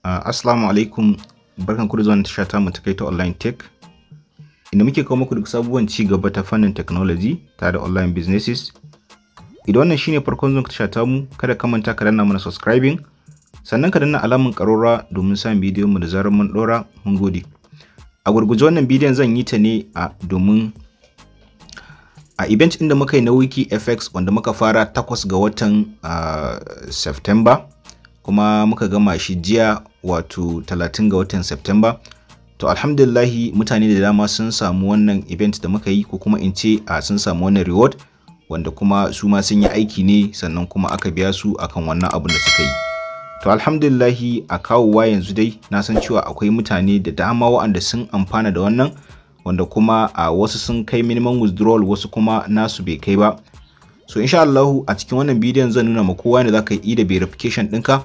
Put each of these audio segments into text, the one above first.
Uh, Assalamu alaikum barkan ku da zuwa tasha ta mu ta kai ta online tech inda muke kawo muku duk sabuwan ci gaba ta fannin technology tare da online businesses idan wannan shine farkon zuwa tasha ta mu kada ka manta ka danna mana subscribing sannan ka danna alamun karora domin samun bidiyon mu da zarar mun dora mun gode a gurguje wannan bidiyon zan yi ta ne a ah, domin a event inda muka yi na wiki fx wanda muka fara takwas ga watan uh, september kuma muka gama shi jiya wato 30 ga watan September. To alhamdulillahi mutane da dama sun samu wannan event da muka yi ko kuma in ce a sun samu wannan reward wanda kuma su ma sun yi aiki ne sannan kuma aka biya su akan wannan abun da suka yi. To alhamdulillahi a kawowa yanzu dai na san cewa akwai mutane da dama waɗanda sun amfana da wannan wanda kuma a wasu sun kai minimum withdrawal wasu kuma nasu bai kai ba. So insha Allahu a cikin wannan bidiyon zan nuna ma kowa za ka yi da verification ɗinka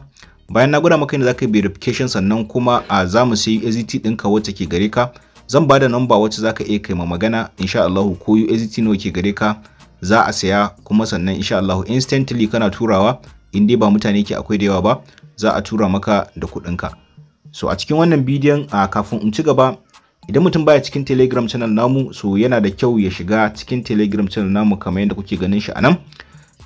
bayan na gwada maka yadda zaka yi verification sannan kuma a ah, za mu sai USDT ɗinka wacce ke gare ka zan ba da number wacce zaka iya kai ma magana insha Allah ko USDT nawa ke gare ka za a saya kuma sannan insha Allah instantly kana turawa in dai ba mutane ke akwai da yawa ba za a tura maka da kuɗinka so a cikin wannan bidiyon a ah, kafin in ci gaba idan mutum baya cikin telegram channel namu so yana da kyau ya shiga cikin telegram channel namu kamar yadda kuke ganin shi a nan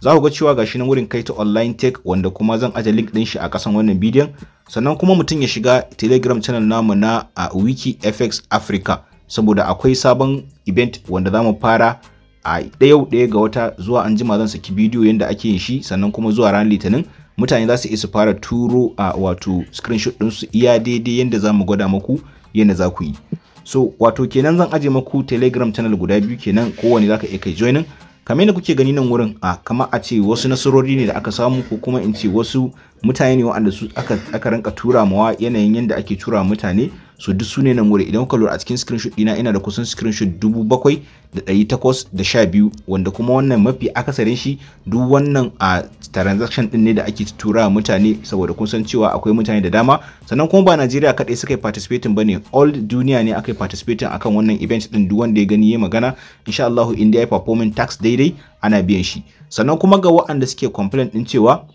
za ku ga cewa gashi nan wurin kai ta online tech wanda kuma zan aje link din shi a kasan wannan bidiyon sannan kuma mutum ya shiga telegram channel namu na a wiki fx africa saboda akwai sabon event wanda za mu fara a ɗaya ɗaya ga wata zuwa an jima zan saki bidiyo yadda ake yin shi sannan kuma zuwa ranar litinin mutane za su isa fara turo a wato screenshot su iya daidai yadda za mu gwada muku yadda za ku yi so wato kenan zan aje maku telegram channel guda biyu kenan kowanne za ka iya kai joinin kamar yadda kuke gani nan wurin a kamar a ce wasu nasarori ne da aka samu ko kuma in ce wasu mutane ne waɗanda su aka, aka rinka tura mawa yanayin yadda ake tura mutane so duk su ne na more idan kuka lura a cikin screenshot dina ina da kusan screenshot biyu wanda kuma wannan mafi akasarin shi duk wannan a transaction din ne da ake tura mutane saboda kun san cewa akwai mutane da dama sannan kuma ba Najeriya kadai suka yi participating bane all duniya ne aka yi participating akan wannan event din duk wanda ya gani ya magana insha Allah in dai performing tax daidai ana biyan shi sannan kuma ga waɗanda suke complain din cewa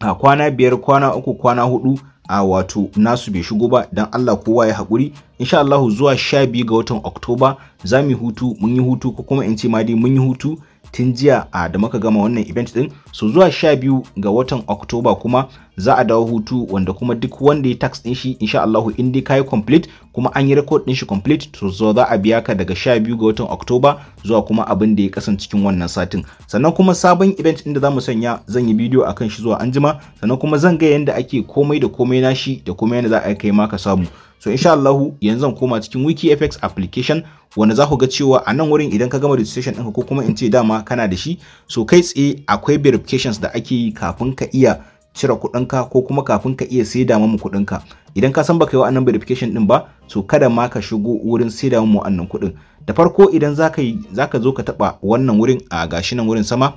a kwana biyar kwana uku kwana hudu a wato nasu bai shigo ba don Allah kowa ya haƙuri insha Allah zuwa sha biyu ga watan Oktoba za mu hutu mun yi hutu ko kuma in ce ma dai mun yi hutu tun jiya a da muka gama wannan event din so zuwa 12 ga watan Oktoba kuma za a dawo hutu wanda kuma duk wanda ya tax din shi insha Allahu in dai kai complete kuma an yi record din shi complete to zo za a biya ka daga 12 ga watan Oktoba zuwa kuma abin da ya kasance cikin wannan satin sannan kuma sabon event din da zamu sanya zan yi bidiyo akan shi zuwa anjima sannan kuma zan ga yanda ake komai da komai na shi da kuma yanda za a kai maka samu so insha Allah yanzu zan koma cikin wiki fx application wanda za ku ga cewa a nan wurin idan ka gama registration ɗinka ko kuma in ce dama kana da shi so kai tsaye akwai verifications da ake yi kafin ka iya cire kuɗinka ko kuma kafin ka iya saida mamu kuɗinka idan ka san baka yi wannan verification din ba so kada ma ka shigo wurin saida mu wannan kuɗin da farko idan zaka yi zaka zo ka taɓa wannan wurin a gashi nan wurin sama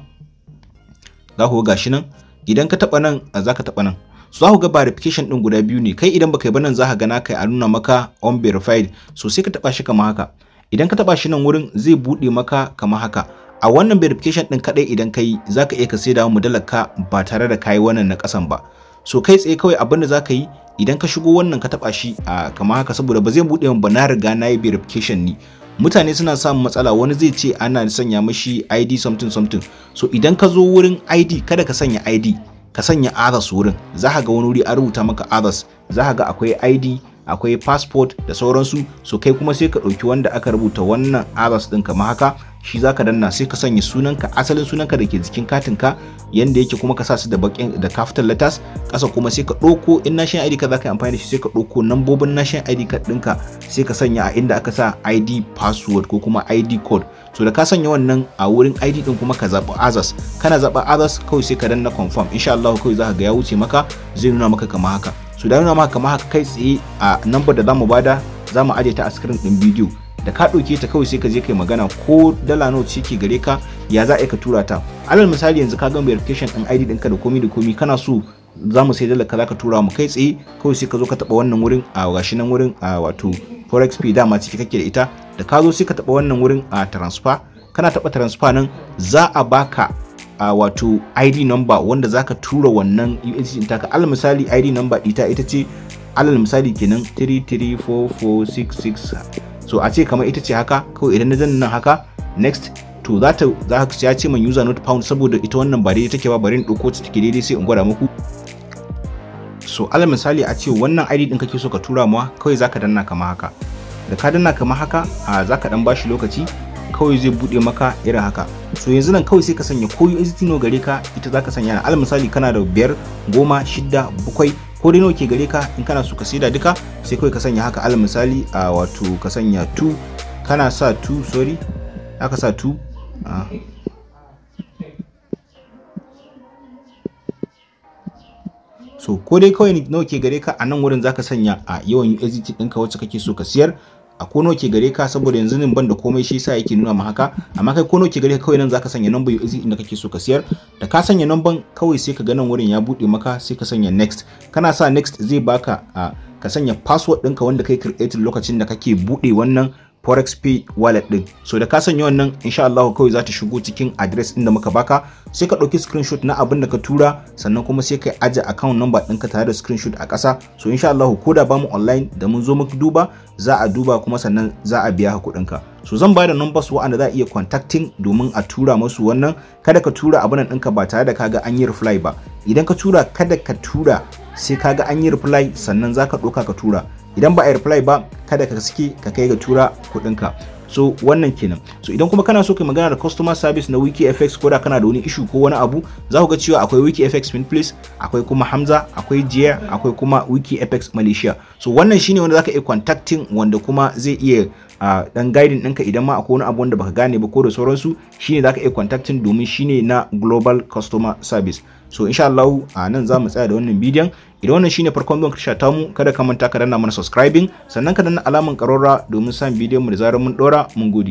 za ku ga gashi nan idan ka taɓa nan za ka taɓa nan so za ku ga verification din guda biyu ne kai idan baka yi ba nan za ka gana kai a nuna maka on verified so sai ka taba shi kamar haka idan ka taba shi nan wurin zai buɗe maka kamar haka a wannan verification din kaɗai idan kai za ka iya ka sai da mudalar ka ba tare da kayi wannan na kasan ba so kai tsaye kawai abin da za ka yi idan ka shigo wannan ka taba shi a kamar haka saboda ba zai bude min ba na riga na yi verification ni mutane suna samun matsala wani zai ce ana sanya mashi id something something so idan ka zo wurin id kada ka sanya id ka sanya others wurin za ka ga wani wuri an rubuta maka others za ka ga akwai id akwai passport da sauransu so kai kuma sai ka ɗauki wanda aka rubuta wannan others ɗin kamar haka shi za ka danna sai ka sanya sunanka asalin sunanka da ke jikin katinka yanda yake kuma ka sa su da bakin da capital letters kasa kuma sai ka ɗauko in national id ka za ka yi amfani da shi sai ka ɗauko nambobin national id ɗinka sai ka sanya a inda aka sa id password ko kuma id code so da ka sanya wannan a wurin id din kuma ka zaɓi others kana zaɓa others kawai sai ka danna confirm insha Allah kawai za ka ga ya wuce maka zai nuna maka kama haka so da nuna maka kama haka kai tsaye a number da zamu bada zamu aje ta a screen din bidiyo da ka ɗauke ta kawai sai ka je kai magana ko dala nawa ce ke gare ka ya za a ka tura ta alal misali yanzu ka ga verification din id ɗinka da komi da komi kana so za mu sai dala ka zaka tura mu kai tsaye kawai sai ka zo ka taba wannan wurin a gashi nan wurin a wato forex fee dama ciki kake da ita da ka zo sai ka taba wannan wurin a transfer kana taba transfer nan za a baka a wato id number wanda zaka tura wannan USDT taka al misali id number ita ita ce alal misali kenan 334466 so a ce kamar ita ce haka kawai idan na zan nan haka next to za ta za ka ya ce man user not found saboda ita wannan ba take ba bari in dauko ta take daidai sai in gwada muku so ala misali a ce wannan id din kake so ka tura mu kawai zaka danna kama haka da ka danna kama haka a zaka dan bashi lokaci kawai zai bude maka irin haka so yanzu nan kawai sai ka sanya ko USDT no gare ka ita zaka sanya Ala misali kana da biyar goma shida bakwai ko dai nawa ke gare ka in kana so ka da duka sai kawai ka sanya haka ala misali a wato ka sanya 2 kana sa 2 sorry aka sa 2 so ko dai kawai nawa ke gare ka a nan wurin zaka sanya a yawan USDT ɗinka wacce kake so ka siyar a ko nawa ke gare ka saboda yanzu nan ban da komai shi yasa yake nuna ma haka amma kai ko nawa ke gare ka kawai nan zaka sanya number USDT inda kake so ka siyar da ka sanya number kawai sai ka ga nan wurin ya bude maka sai ka sanya next kana sa next zai baka a ka sanya password ɗinka wanda kai create lokacin da kake bude wannan forex p wallet din so da ka sanya wannan insha Allah kawai za ta shigo cikin address din da muka baka sai ka ɗauki screenshot na abin da ka tura sannan kuma sai ka aje account number ɗinka tare da screenshot a ƙasa so insha Allah ko da bamu online da mun zo muku duba za a duba kuma sannan za a biya ka so zan ba da numbers wa'anda za a iya contacting domin a tura musu wannan kada ka tura abin ɗinka ba tare da kaga an yi reply ba idan ka tura kada ka tura sai kaga an yi reply sannan za ka ɗauka ka tura idan ba a reply ba kada ka sake ka kai ga tura kuɗinka so wannan kenan so idan kuma kana so kai magana da customer service na fx ko da kana da wani issue ko wani abu za ku ga cewa akwai wiki fx min please akwai kuma hamza akwai jiya akwai kuma wiki fx malaysia so wannan shine wanda zaka iya contacting wanda kuma zai iya uh, dan guiding ɗinka idan ma akwai wani abu wanda baka gane ba ko da sauransu shine zaka iya contacting domin shine na global customer service so insha Allah a nan za mu tsaya da wannan bidiyon idan wannan shine farkon bin karshe mu kada ka manta ka danna mana subscribing sannan ka danna alaman karora domin samun bidiyon mu da zarar mun dora mun gode